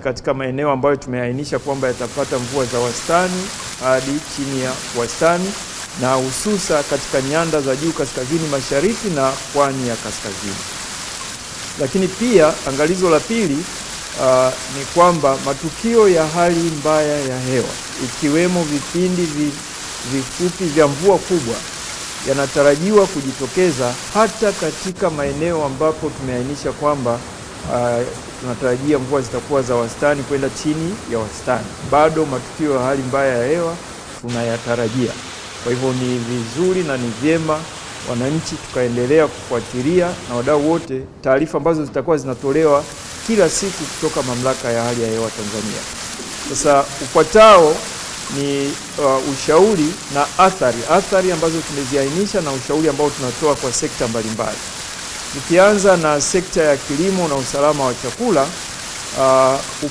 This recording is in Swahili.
katika maeneo ambayo tumeainisha kwamba yatapata mvua za wastani hadi chini ya wastani na hususa katika nyanda za juu kaskazini mashariki na pwani ya kaskazini. Lakini pia angalizo la pili uh, ni kwamba matukio ya hali mbaya ya hewa ikiwemo vipindi vifupi vya mvua kubwa yanatarajiwa kujitokeza hata katika maeneo ambapo tumeainisha kwamba uh, tunatarajia mvua zitakuwa za wastani kwenda chini ya wastani. Bado matukio ya hali mbaya ya hewa tunayatarajia. Kwa hivyo ni vizuri na ni vyema wananchi tukaendelea kufuatilia na wadau wote taarifa ambazo zitakuwa zinatolewa kila siku kutoka Mamlaka ya Hali ya Hewa Tanzania. Sasa ufuatao ni uh, ushauri na athari, athari ambazo tumeziainisha na ushauri ambao tunatoa kwa sekta mbalimbali. Nikianza na sekta ya kilimo na usalama wa chakula, uh,